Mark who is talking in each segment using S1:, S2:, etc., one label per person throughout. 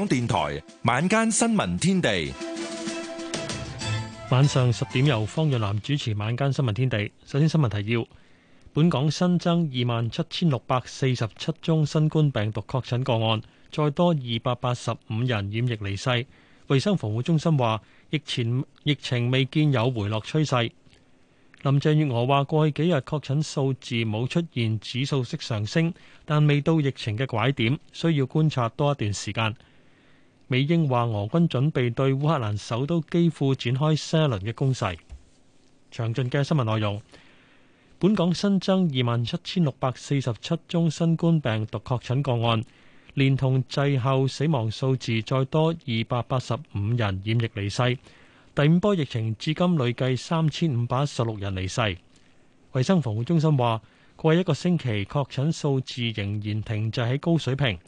S1: 港電台晚間新聞天地，晚上十點由方若楠主持。晚間新聞天地，首先新聞提要：本港新增二萬七千六百四十七宗新冠病毒確診個案，再多二百八十五人染疫離世。衛生防護中心話，疫前疫情未見有回落趨勢。林鄭月娥話，過去幾日確診數字冇出現指數式上升，但未到疫情嘅拐點，需要觀察多一段時間。美英話俄軍準備對烏克蘭首都基輔展開新一輪嘅攻勢。詳盡嘅新聞內容。本港新增二萬七千六百四十七宗新冠病毒確診個案，連同滯後死亡數字再多二百八十五人染疫離世。第五波疫情至今累計三千五百一十六人離世。衛生防護中心話，過去一個星期確診數字仍然停滯喺高水平。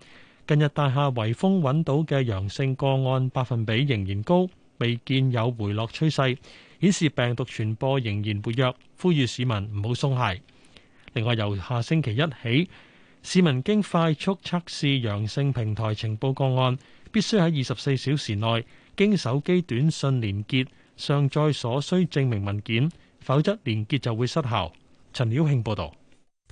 S1: 近日大廈圍封揾到嘅陽性個案百分比仍然高，未見有回落趨勢，顯示病毒傳播仍然活躍。呼籲市民唔好鬆懈。另外，由下星期一起，市民經快速測試陽性平台情報個案，必須喺二十四小時內經手機短訊連結上載所需證明文件，否則連
S2: 結就會失效。陳曉慶報導。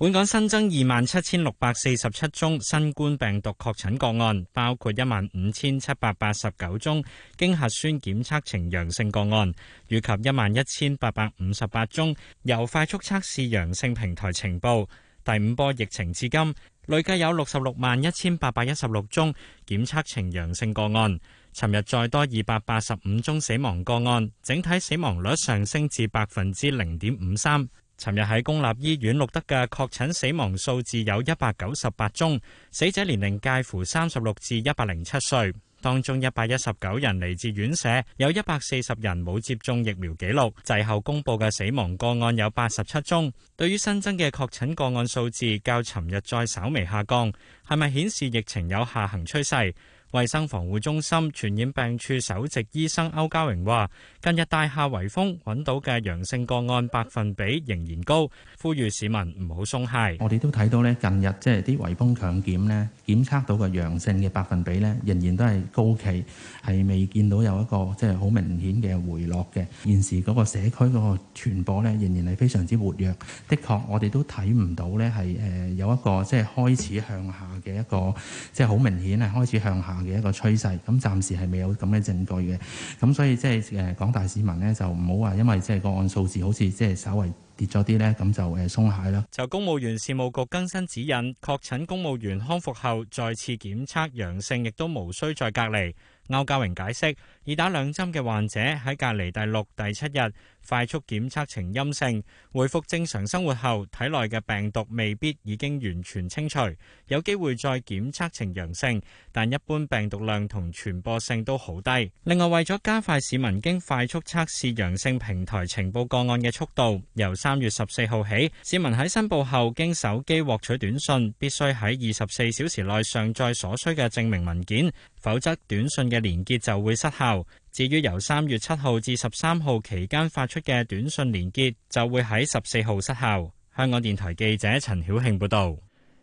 S2: 本港新增二萬七千六百四十七宗新冠病毒確診個案，包括一萬五千七百八十九宗經核酸檢測呈陽性個案，以及一萬一千八百五十八宗由快速測試陽性平台情報。第五波疫情至今累計有六十六萬一千八百一十六宗檢測呈陽性個案。尋日再多二百八十五宗死亡個案，整體死亡率上升至百分之零點五三。尋日喺公立醫院錄得嘅確診死亡數字有一百九十八宗，死者年齡介乎三十六至一百零七歲，當中一百一十九人嚟自院舍，有一百四十人冇接種疫苗記錄。滯後公布嘅死亡個案有八十七宗。對於新增嘅確診個案數字較尋日再稍微下降，係咪顯示疫情有下行趨勢？衛生防護中心傳染病處首席醫生歐家榮話，近日大廈圍封揾到嘅陽性個案百分比仍然高，呼籲市民唔好鬆懈。我哋都睇到呢，近日即係啲圍封強檢呢，檢測到嘅陽性嘅百分比呢，仍然都係高企，係未見到有一個即係好明顯嘅回落嘅。現時嗰個社區嗰個傳播呢，仍然係非常之活躍。的確，我哋都睇唔到呢，係誒有一個即係開始向下嘅一個，即係好明顯係開始向下。嘅一個趨勢，咁暫時係未有咁嘅證據嘅，咁所以即係誒廣大市民呢，就唔好話，因為即係個案數字好似即係稍微跌咗啲呢，咁就誒鬆懈啦。就公務員事務局更新指引，確診公務員康復後再次檢測陽性，亦都無需再隔離。歐家榮解釋，已打兩針嘅患者，喺隔離第六、第七日快速檢測呈陰性，恢復正常生活後，體內嘅病毒未必已經完全清除，有機會再檢測呈陽性，但一般病毒量同傳播性都好低。另外，為咗加快市民經快速測試陽性平台呈報個案嘅速度，由三月十四號起，市民喺申報後經手機獲取短信，必須喺二十四小時內上載所需嘅證明文件，否則短信嘅連結就會失效。至於由三月七號至十三號期間發出嘅短信連結，就會喺十四號失效。香港電台記者陳曉慶報導。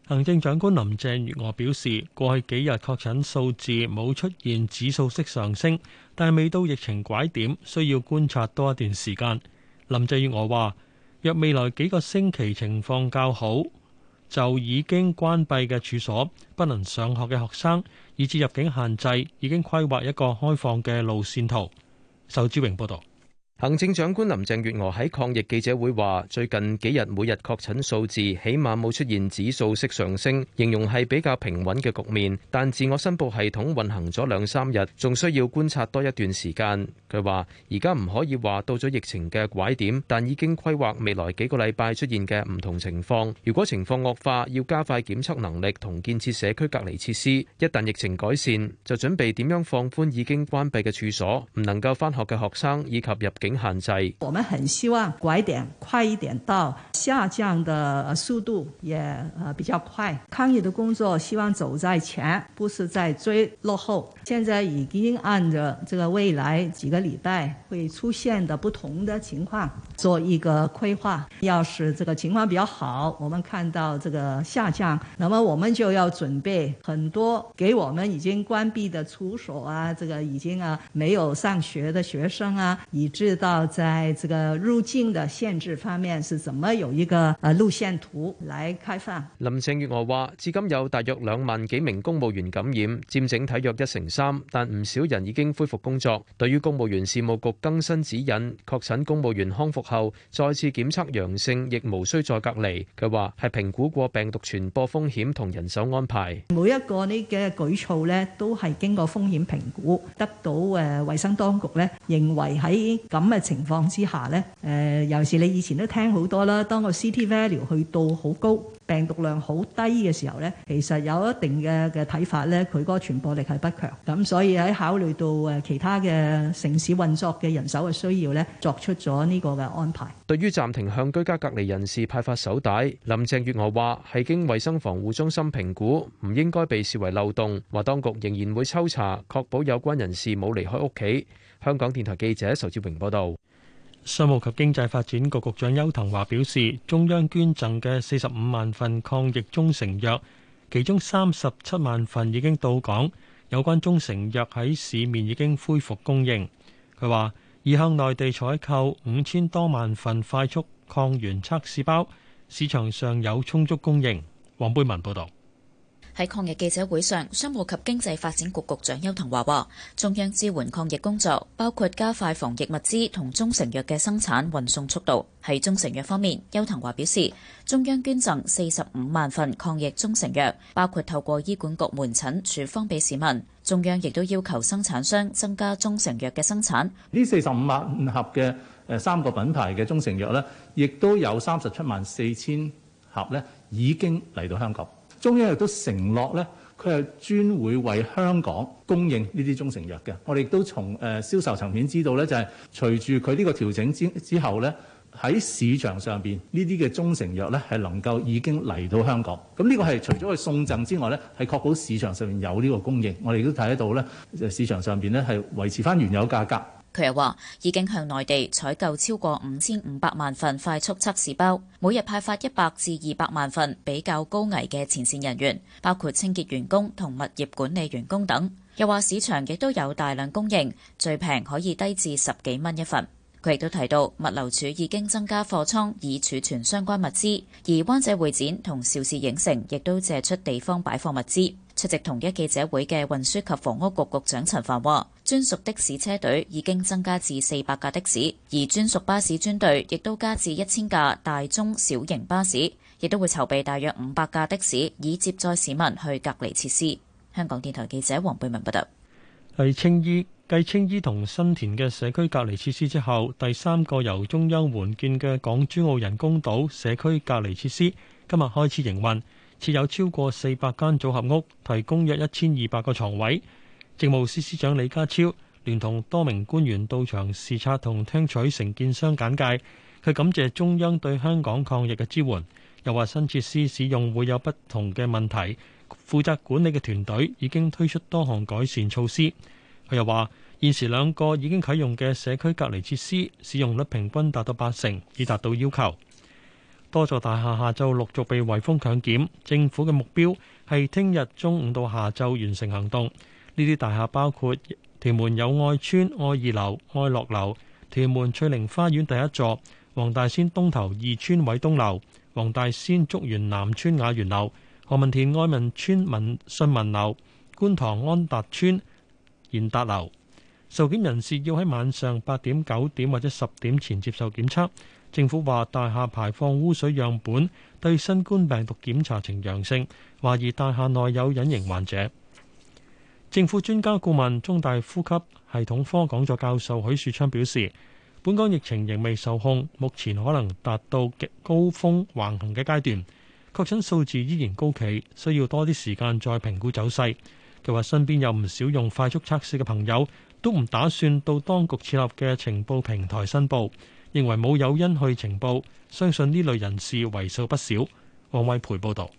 S1: 行政長官林鄭月娥表示，過去幾日確診數字冇出現指數式上升，但未到疫情拐點，需要觀察多一段時間。林鄭月娥話，若未來幾個星期情況較好，就已經關閉嘅處所，不能上學嘅學生，以至入境限制，已經規劃一個開放嘅
S3: 路線圖。仇志榮報導。行政長官林鄭月娥喺抗疫記者會話：最近幾日每日確診數字起碼冇出現指數式上升，形容係比較平穩嘅局面。但自我申報系統運行咗兩三日，仲需要觀察多一段時間。佢話：而家唔可以話到咗疫情嘅拐點，但已經規劃未來幾個禮拜出現嘅唔同情況。如果情況惡化，要加快檢測能力同建設社區隔離設施。一旦疫情改善，就準備點樣放寬已經關閉嘅處所，唔能夠返學嘅學生以及入境。
S4: 我們很希望拐點快一點到，下降的速度也比較快。抗疫的工作希望走在前，不是在追落後。現在已經按着這個未來幾個禮拜會出現的不同的情況做一個規劃。要是這個情況比較好，我們看到這個下降，那麼我們就要準備很多給我們已經關閉的處所啊，這個已經啊沒有上學的學生啊，以致到在這個入境的限制方面是怎麼有一個呃路線圖來開放。
S3: 林鄭月娥話：至今有大約兩萬幾名公務員感染，佔整體約一成。但唔少人已經恢復工作。對於公務員事務局更新指引，確診公務員康復後再次檢測陽性，亦無需再隔離。佢話係評估過病毒傳播風險同人手安排。
S4: 每一個呢嘅舉措呢，都係經過風險評估，得到誒衛生當局呢認為喺咁嘅情況之下呢，誒尤其是你以前都聽好多啦，當個 CT value 去到好高，病毒量好低嘅時候呢，其實有一定嘅嘅睇法呢，佢嗰個傳播力係不強，咁所以喺考慮到誒其他嘅城市運作嘅人手嘅需要呢，作出咗呢個嘅安排。
S3: 對於暫停向居家隔離人士派發手帶，林鄭月娥話係經衞生防護中心評估，唔應該被視為漏洞，話當局仍然會抽查，確保有關人士冇離開屋企。香港電台記者仇志榮報道。商務及經濟發展局局長邱騰
S1: 華表示，中央捐贈嘅四十五萬份抗疫中成藥，其中三十七萬份已經到港，有關中成藥喺市面已經恢復供應。佢話已向內地採購五千多萬份快速抗原測試包，市場上有充足供應。黃貝文報道。
S5: 喺抗疫記者會上，商務及經濟發展局局長邱騰華話：中央支援抗疫工作，包括加快防疫物資同中成藥嘅生產運送速度。喺中成藥方面，邱騰華表示，中央捐贈四十五萬份抗疫中成藥，包括透過醫管局門診處方俾市民。中央亦都要求生產商增加中成藥嘅生產。
S3: 呢四十五萬盒嘅誒，三個品牌嘅中成藥呢，亦都有三十七萬四千盒呢已經嚟到香港。中央亦都承
S1: 諾，咧，佢係專會為香港供應呢啲中成藥嘅。我哋亦都從誒銷售層面知道咧，就係隨住佢呢個調整之之後，咧，喺市場
S3: 上邊呢啲嘅中成藥咧係能夠已經嚟到香港。咁呢個係除咗去送贈之外咧，係確保市場上面有呢個供應。我哋亦都睇得到咧，市場上邊咧係維持翻原有價格。
S5: 佢又話已經向內地採購超過五千五百萬份快速測試包，每日派發一百至二百萬份，比較高危嘅前線人員，包括清潔員工同物業管理員工等。又話市場亦都有大量供應，最平可以低至十幾蚊一份。佢亦都提到，物流署已經增加貨倉以儲存相關物資，而灣仔會展同邵氏影城亦都借出地方擺放物資。出席同一記者會嘅運輸及房屋局局長陳凡話，專屬的士車隊已經增加至四百架的士，而專屬巴士專隊亦都加至一千架大中小型巴士，亦都會籌備大約五百架的士以接載市民去隔離設施。香港電台記者黃貝文報道。
S1: 喺青衣繼青衣同新田嘅社區隔離設施之後，第三個由中央援建嘅港珠澳人工島社區隔離設施今日開始營運，設有超過四百間組合屋，提供約一千二百個床位。政務司司長李家超聯同多名官員到場視察同聽取承建商簡介。佢感謝中央對香港抗疫嘅支援，又話新設施使用會有不同嘅問題。負責管理嘅團隊已經推出多項改善措施。佢又話現時兩個已經啟用嘅社區隔離設施使用率平均達到八成，已達到要求。多座大廈下晝陸續被圍封強檢，政府嘅目標係聽日中午到下晝完成行動。呢啲大廈包括屯門友愛邨愛二樓、愛樂樓、屯門翠玲花園第一座、黃大仙東頭二村委東樓、黃大仙竹園南村雅園樓、何文田愛民邨民信民樓、觀塘安達邨賢達樓。受檢人士要喺晚上八點、九點或者十點前接受檢測。政府話大廈排放污水樣本對新冠病毒檢查呈陽性，懷疑大廈內有隱形患者。政府專家顧問、中大呼吸系統科講座教授許樹昌表示，本港疫情仍未受控，目前可能達到極高峰橫行嘅階段，確診數字依然高企，需要多啲時間再評估走勢。佢話身邊有唔少用快速測試嘅朋友都唔打算到當局設立嘅情報平台申報。認為冇有因去情報，相信呢類人士為數不少。王偉培報導。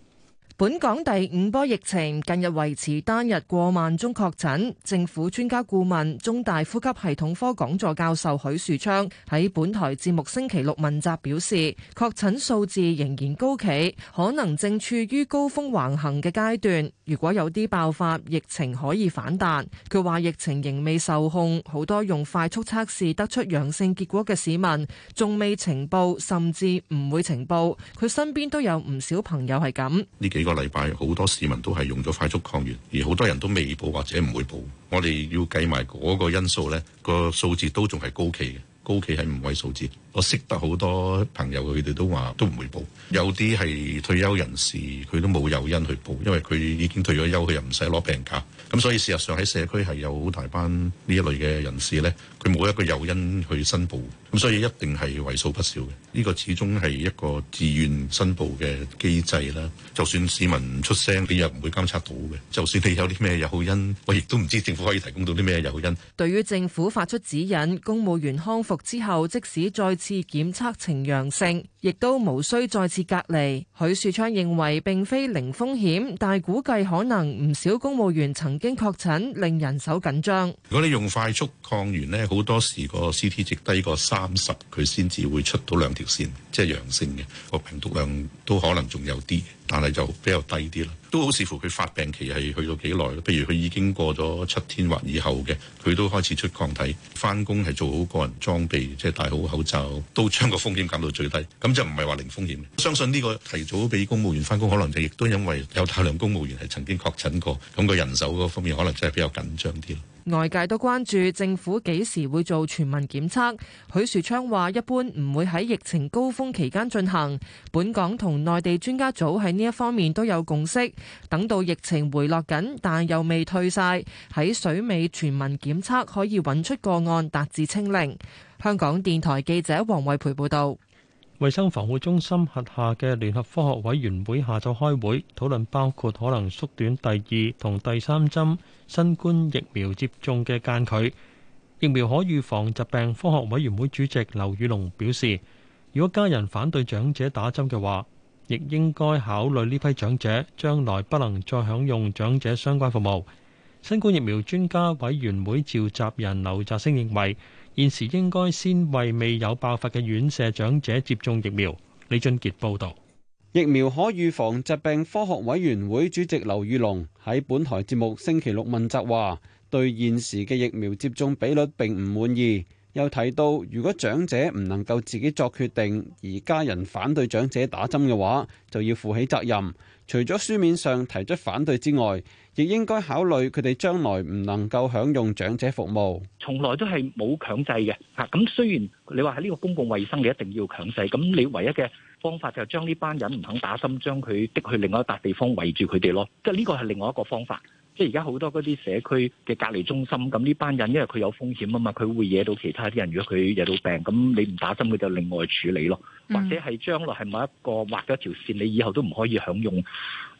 S6: 本港第五波疫情近日維持單日過萬宗確診，政府專家顧問、中大呼吸系統科講座教授許樹昌喺本台節目星期六問責表示，確診數字仍然高企，可能正處於高峰橫行嘅階段。如果有啲爆發，疫情可以反彈。佢話疫情仍未受控，好多用快速測試得出陽性結果嘅市民仲未呈報，甚至唔會呈報。佢身邊都有唔少朋友係咁。
S7: 個禮拜好多市民都係用咗快速抗原，而好多人都未報或者唔會報。我哋要計埋嗰個因素呢，呢個數字都仲係高企嘅，高企喺五位數字。我識得好多朋友，佢哋都話都唔會報。有啲係退休人士，佢都冇誘因去報，因為佢已經退咗休，佢又唔使攞病假。咁所以事實上喺社區係有好大班呢一類嘅人士呢。佢冇一個誘因去申報，咁所以一定係為數不少嘅。呢個始終係一個自願申報嘅機制啦。就算市民唔出聲，你又唔會監測到嘅。就算你有啲咩誘因，我亦都唔知政府可以提供到啲咩誘因。
S6: 對於政府發出指引，公務員康復之後，即使再次檢測呈陽性，亦都無需再次隔離。許樹昌認為並非零風險，但估計可能唔少公務員曾經確診，令人手緊張。
S7: 如果你用快速抗原咧？好多時個 CT 值低過三十，佢先至會出到兩條線，即係陽性嘅，個病毒量都可能仲有啲。但係就比較低啲咯，都好視乎佢發病期係去到幾耐。譬如佢已經過咗七天或以後嘅，佢都開始出抗體。翻工係做好個人裝備，即係戴好口罩，都將個風險減到最低。咁就唔係話零風險。相信呢個提早俾公務員翻工，可能就亦都因為有大量公務員係曾經確診過，咁個人手嗰方面可能真係比較緊張啲。
S6: 外界都關注政府幾時會做全民檢測。許樹昌話：一般唔會喺疫情高峰期間進行。本港同內地專家組喺。呢一方面都有共識，等到疫情回落緊，但又未退晒，喺水尾全民檢測可以揾出個案達至清零。香港電台記者黃慧培報道。衛生防
S1: 護中心轄下嘅聯合科學委員會下晝開會討論，包括可能縮短第二同第三針新冠疫苗接種嘅間距。疫苗可預防疾病科學委員會主席劉宇龍表示，如果家人反對長者打針嘅話，亦應該考慮呢批長者將來不能再享用長者相關服務。新冠疫苗專家委員會召集人劉澤星認為，現時應該先為未有爆發嘅院舍長者接種疫苗。李俊傑報導。
S8: 疫苗可預防疾病科學委員會主席劉宇龍喺本台節目星期六問責話，對現時嘅疫苗接種比率並唔滿意。又提到，如果長者唔能夠自己作決定，而家人反對長者打針嘅話，就要負起責任。除咗書面上提出反對之外，亦應該考慮佢哋將來唔能夠享用長者服務。
S2: 從來都係冇強制嘅吓。咁雖然你話喺呢個公共衛生你一定要強制，咁你唯一嘅方法就係將呢班人唔肯打針，將佢迫去另外一笪地方圍住佢哋咯。即係呢個係另外一個方法。即係而家好多嗰啲社區嘅隔離中心，咁呢班人因為佢有風險啊嘛，佢會惹到其他啲人。如果佢惹到病，咁你唔打針，佢就另外處理咯，嗯、或者係將來係某一個劃咗條線，你以後都唔可以享用呢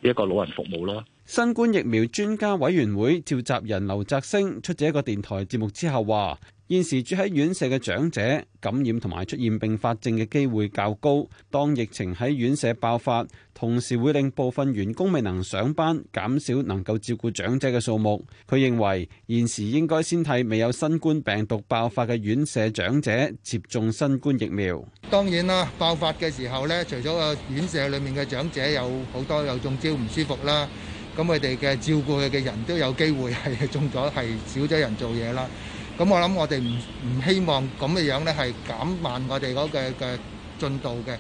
S2: 一個老人服務咯。
S7: 新
S8: 冠疫苗專家委員會召集人劉澤星出席一個電台節目之後話。現時住喺院舍嘅長者感染同埋出現併發症嘅機會較高。當疫情喺院舍爆發，同時會令部分員工未能上班，減少能夠照顧長者嘅數目。佢認為現時應該先替未有新冠病毒爆發嘅院舍長者接種新冠疫苗。
S3: 當然啦，爆發嘅時候咧，除咗個院舍裡面嘅長者有好多有中招唔舒服啦，咁佢哋嘅照顧嘅人都有機會係中咗，係少咗人做嘢啦。咁我諗我哋唔唔希望咁嘅樣呢，係減慢我哋嗰個嘅進度嘅，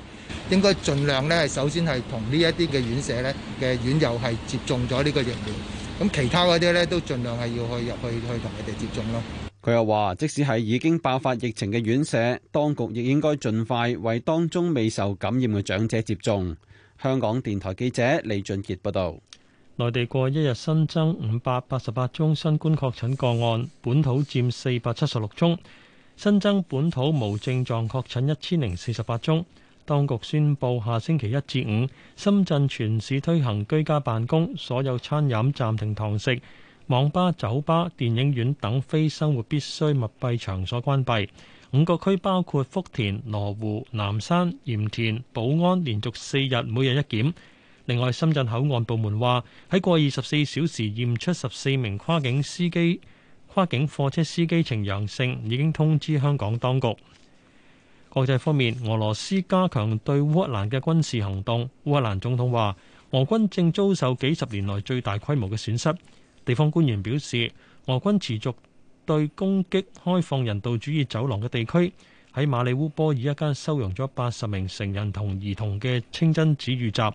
S3: 應該盡量呢，係首先係同呢一啲嘅院舍呢嘅院友係接種咗呢個疫苗，咁其他嗰啲呢都盡量係要去入去去同佢哋接種咯。
S8: 佢又話，即使係已經爆發疫情嘅院舍，當局亦應該盡快為當中未受感染嘅長者接種。香港電台記者李俊傑報道。內地過
S1: 一日新增五百八十八宗新冠確診個案，本土占四百七十六宗，新增本土無症狀確診一千零四十八宗。當局宣佈下星期一至五，深圳全市推行居家辦公，所有餐飲暫停堂食，網吧、酒吧、電影院等非生活必需密閉場所關閉。五個區包括福田、羅湖、南山、鹽田、寶安，連續四日每日一檢。另外，深圳口岸部門話喺過二十四小時驗出十四名跨境司機、跨境貨車司機呈陽性，已經通知香港當局。國際方面，俄羅斯加強對烏克蘭嘅軍事行動。烏克蘭總統話，俄軍正遭受幾十年來最大規模嘅損失。地方官員表示，俄軍持續對攻擊開放人道主義走廊嘅地區。喺馬里烏波爾一家收容咗八十名成人同兒童嘅清真寺遇襲。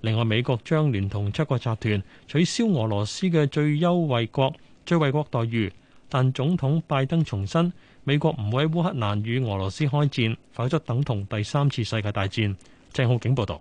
S1: 另外，美國將聯同七國集團取消俄羅斯嘅最優惠國最惠國待遇，但總統拜登重申
S9: 美國唔會喺烏克蘭與俄羅斯開戰，否則等同第三次世界大戰。鄭浩景報道。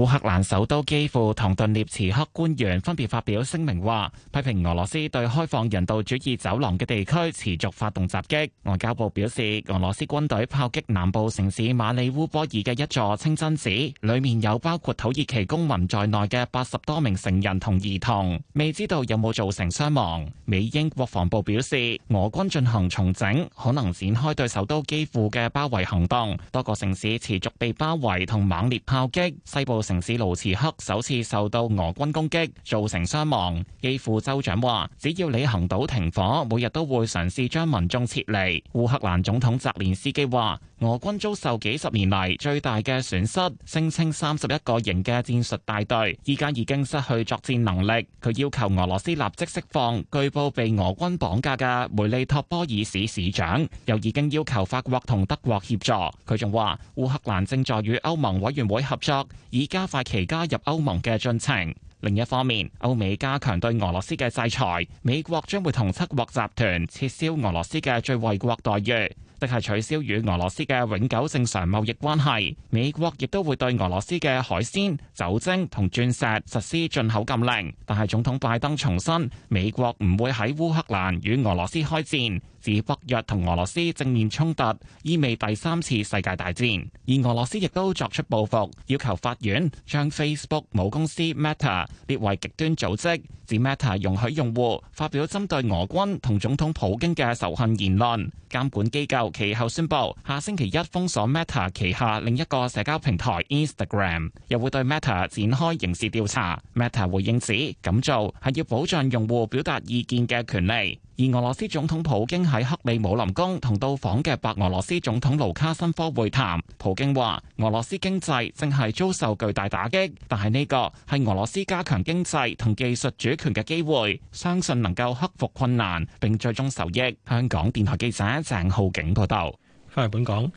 S9: 烏克蘭首都基輔同頓涅茨克官員分別發表聲明話，批評俄羅斯對開放人道主義走廊嘅地區持續發動襲擊。外交部表示，俄羅斯軍隊炮擊南部城市馬里烏波爾嘅一座清真寺，裏面有包括土耳其公民在內嘅八十多名成人同兒童，未知道有冇造成傷亡。美英國防部表示，俄軍進行重整，可能展開對首都基輔嘅包圍行動，多個城市持續被包圍同猛烈炮擊，西部。城市盧茨克首次受到俄軍攻擊，造成傷亡。基輔州長話：只要你行到停火，每日都會嘗試將民眾撤離。烏克蘭總統澤連斯基話。俄軍遭受幾十年嚟最大嘅損失，聲稱三十一個營嘅戰術大隊依家已經失去作戰能力。佢要求俄羅斯立即釋放據報被俄軍綁架嘅梅利托波爾市市長，又已經要求法國同德國協助。佢仲話，烏克蘭正在與歐盟委員會合作，以加快其加入歐盟嘅進程。另一方面，歐美加強對俄羅斯嘅制裁，美國將會同七國集團撤銷俄羅斯嘅最惠國待遇。即係取消與俄羅斯嘅永久正常貿易關係，美國亦都會對俄羅斯嘅海鮮、酒精同鑽石實施進口禁令。但係總統拜登重申，美國唔會喺烏克蘭與俄羅斯開戰。指北約同俄羅斯正面衝突意味第三次世界大戰，而俄羅斯亦都作出報復，要求法院將 Facebook 母公司 Meta 列為極端組織，指 Meta 容許用戶發表針對俄軍同總統普京嘅仇恨言論。監管機構其後宣布，下星期一封鎖 Meta 旗下另一個社交平台 Instagram，又會對 Meta 展開刑事調查。Meta 回應指，咁做係要保障用戶表達意見嘅權利，而俄羅斯總統普京。喺克里姆林宮同到訪嘅白俄羅斯總統盧卡申科會談，普京話俄羅斯經濟正係遭受巨大打擊，但係呢個係俄羅斯加強經濟同技術主權嘅機會，相信能夠克服困難，並最終受益。香港電台記者鄭浩景報道。翻嚟本港，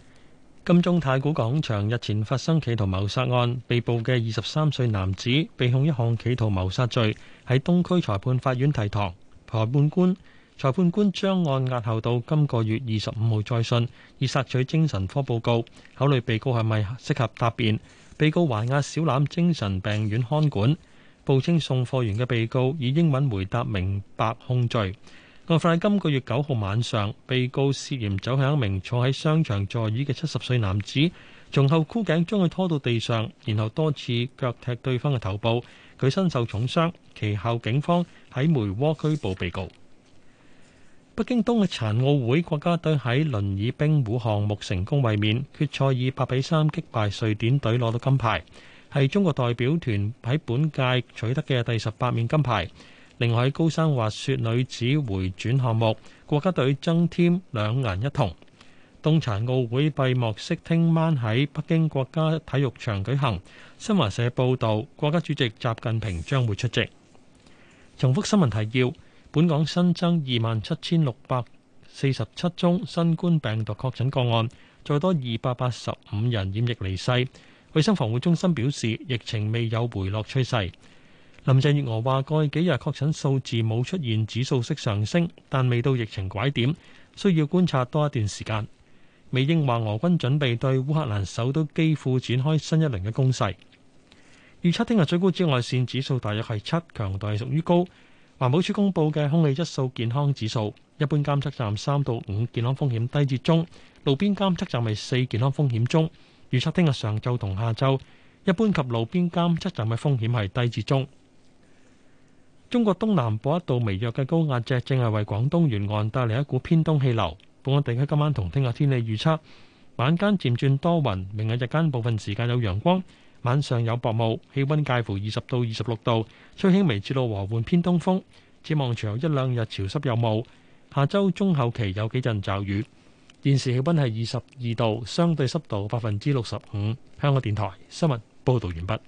S9: 金鐘太古廣場日前發生企圖
S1: 謀殺案，被捕嘅二十三歲男子被控一項企圖謀殺罪，喺東區裁判法院提堂，裁判官。裁判官將案押後到今個月二十五號再訊，以索取精神科報告，考慮被告係咪適合答辯。被告還押小欖精神病院看管。報稱送貨員嘅被告以英文回答，明白控罪。案發喺今個月九號晚上，被告涉嫌走向一名坐喺商場座椅嘅七十歲男子，從後箍頸將佢拖到地上，然後多次腳踢對方嘅頭部。佢身受重傷。其後警方喺梅窩拘捕被告。北京冬日殘奧會國家隊喺輪椅冰壺項目成功衛冕，決賽以八比三擊敗瑞典隊攞到金牌，係中國代表團喺本屆取得嘅第十八面金牌。另外喺高山滑雪女子回轉項目，國家隊增添兩銀一銅。冬殘奧會閉幕式聽晚喺北京國家體育場舉行，新華社報道，國家主席習近平將會出席。重複新聞提要。本港新增二萬七千六百四十七宗新冠病毒確診個案，再多二百八十五人染疫離世。衛生防護中心表示，疫情未有回落趨勢。林鄭月娥話，過去幾日確診數字冇出現指數式上升，但未到疫情拐點，需要觀察多一段時間。美英話俄軍準備對烏克蘭首都基輔，展開新一輪嘅攻勢。預測聽日最高紫外線指數大約係七，強度係屬於高。環保署公布嘅空氣質素健康指數，一般監測站三到五，健康風險低至中；路邊監測站係四，健康風險中。預測聽日上晝同下晝，一般及路邊監測站嘅風險係低至中。中國東南部一道微弱嘅高壓脊，正係為廣東沿岸帶嚟一股偏東氣流。本港地區今晚同聽日天氣預測：晚間漸轉多雲，明日日間部分時間有陽光。晚上有薄霧，氣溫介乎二十到二十六度，吹輕微至到和緩偏東風。展望隨後一兩日潮濕有霧，下周中後期有幾陣驟雨。現時氣溫係二十二度，相對濕度百分之六十五。香港電台新聞報道完畢。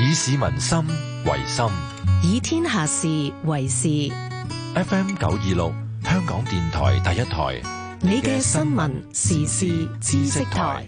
S1: 以市民心為心，
S4: 以天下事為事。FM
S1: 九二六，香港電台第一台。
S4: 你嘅新聞時事
S6: 知識台。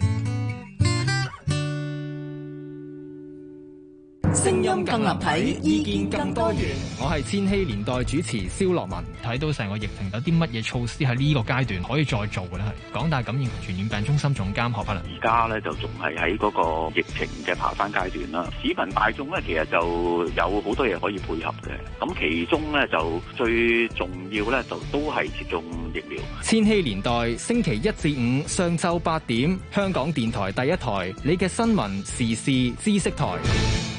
S9: 聲音更立體，意見更多元。我係千禧年代主持蕭樂文。睇到成個疫情有啲乜嘢措施喺呢個階段可以再做嘅呢？港大感染傳染病中心總監何栢良，而家呢，就仲係喺嗰個疫情嘅爬山階段啦。市民大眾呢，其實就有好多嘢可以配合嘅。咁其中呢，就最重
S1: 要呢，就都係接種疫苗。
S9: 千禧年代星期一至五上晝八點，香港電台第一台，你嘅新聞時事知識台。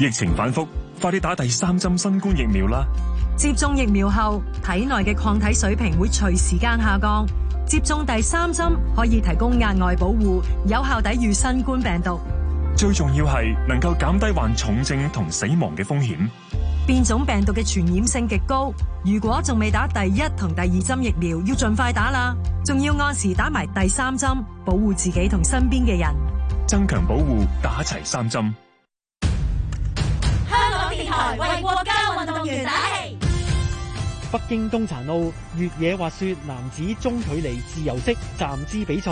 S1: 疫情反覆，快啲打第三針新冠疫苗啦！
S4: 接種疫苗後，體內嘅抗體水平會隨時間下降。接種第三針可以提供額外保護，有效抵禦新冠病毒。
S1: 最
S9: 重要係能夠減低患重症同死亡嘅風險。
S4: 變種病毒嘅傳染性極高，如果仲未打第一同第二針疫苗，要盡快打啦！仲要按時打埋第三針，保護自己同身邊嘅人，
S9: 增強保護，打
S1: 齊三針。
S6: 為國家運
S1: 動員打氣。北京冬殘奧越野滑雪男子中距離自由式站姿比賽，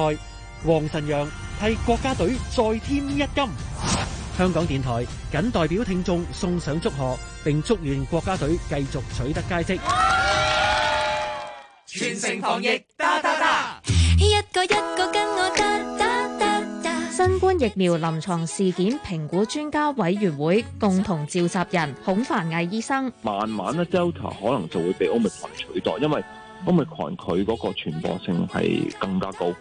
S1: 王晨陽替國家隊再添一金。
S3: 香港電台僅代表聽眾送上祝賀，並祝願國家隊繼續取得佳績。
S5: 全城防疫，噠噠噠，一個一個跟。新冠疫苗臨床事件評估專家委員會共同召集人孔繁毅醫生，
S9: 慢慢咧，Delta 可能就會被 Omicron 取代，因為 Omicron 佢嗰個傳播性係更加高，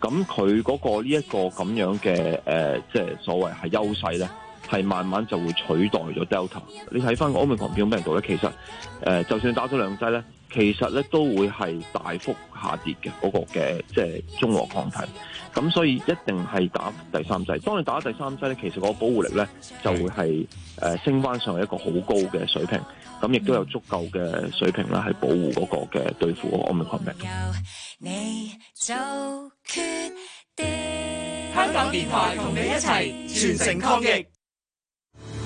S9: 咁佢嗰個呢、這、一個咁樣嘅誒、呃，即係所謂係優勢咧，係慢慢就會取代咗 Delta。你睇翻個 Omicron 變咗咩度咧，其實誒、呃，就算打咗兩劑咧。其實咧都會係大幅下跌嘅嗰、那個嘅即係中和抗體，咁所以一定係打第三劑。當你打第三劑咧，其實個保護力咧就會係誒、呃、升翻上一個好高嘅水平，咁亦都有足夠嘅水平啦，係保護嗰、那個嘅對付奧密克戎。香港
S2: 電台同你一齊全城抗疫。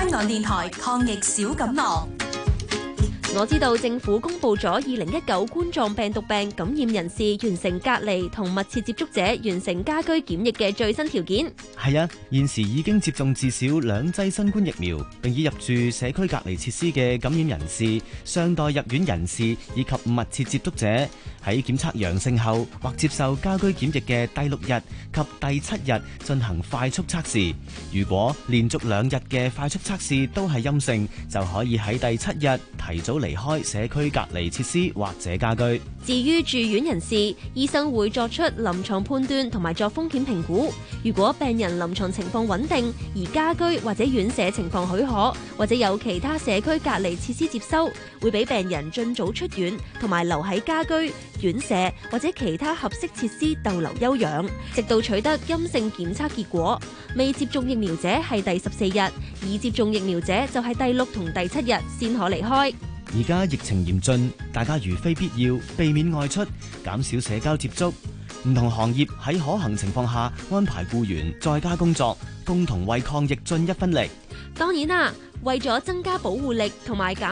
S4: 香港電台抗疫小錦囊。
S6: 我知道政府公布咗2019冠狀病毒病感染人士完成隔離同密切接觸者完成家居檢疫嘅最新條件。
S9: 係啊，現時已經接種至少兩劑新冠疫苗並已入住社區隔離設施嘅感染人士、尚待入院人士以及密切接觸者喺檢測陽性後或接受家居檢疫嘅第六日及第七日進行快速測試，如果連續兩日嘅快速測試都係陰性，就可以喺第七日提早。離開社區隔離設施或者家居。
S6: 至於住院人士，醫生會作出臨床判斷同埋作風險評估。如果病人臨床情況穩定，而家居或者院舍情況許可，或者有其他社區隔離設施接收，會俾病人盡早出院，同埋留喺家居、院舍或者其他合適設施逗留休養，直到取得陰性檢測結果。未接種疫苗者係第十四日，已接種疫苗者就係第六同第七日先可離開。
S9: 而家疫情嚴峻，大家如非必要，避免外出，減少社交接觸，唔同行業喺可行情況下安排僱員在家工作，共同為抗疫盡一分力。
S6: 當然啦，為咗增加保護力同埋減。